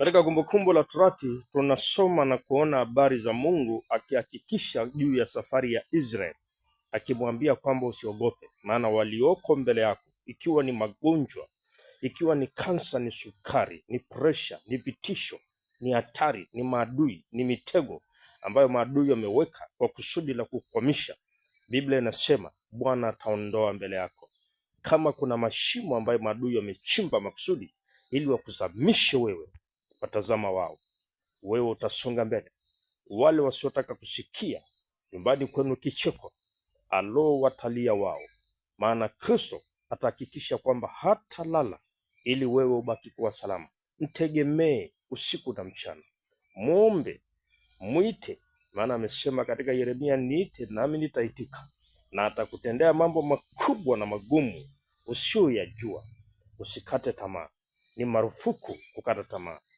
Katika Kumbukumbu la Torati tunasoma na kuona habari za Mungu akihakikisha juu ya safari ya Israel, akimwambia kwamba usiogope, maana walioko mbele yako, ikiwa ni magonjwa, ikiwa ni kansa, ni sukari, ni presha, ni vitisho, ni hatari, ni maadui, ni mitego ambayo maadui wameweka kwa kusudi la kukwamisha. Biblia inasema Bwana ataondoa mbele yako. Kama kuna mashimo ambayo maadui wamechimba makusudi ili wakuzamishe wewe watazama wao, wewe utasonga mbele. Wale wasiotaka kusikia nyumbani kwenu kicheko, alo watalia wao, maana Kristo atahakikisha kwamba hata lala ili wewe ubaki kuwa salama. Mtegemee usiku na mchana, mwombe, mwite, maana amesema katika Yeremia, niite nami nitaitika, na atakutendea mambo makubwa na magumu usiyoyajua. Usikate tamaa. Ni marufuku kukata tamaa.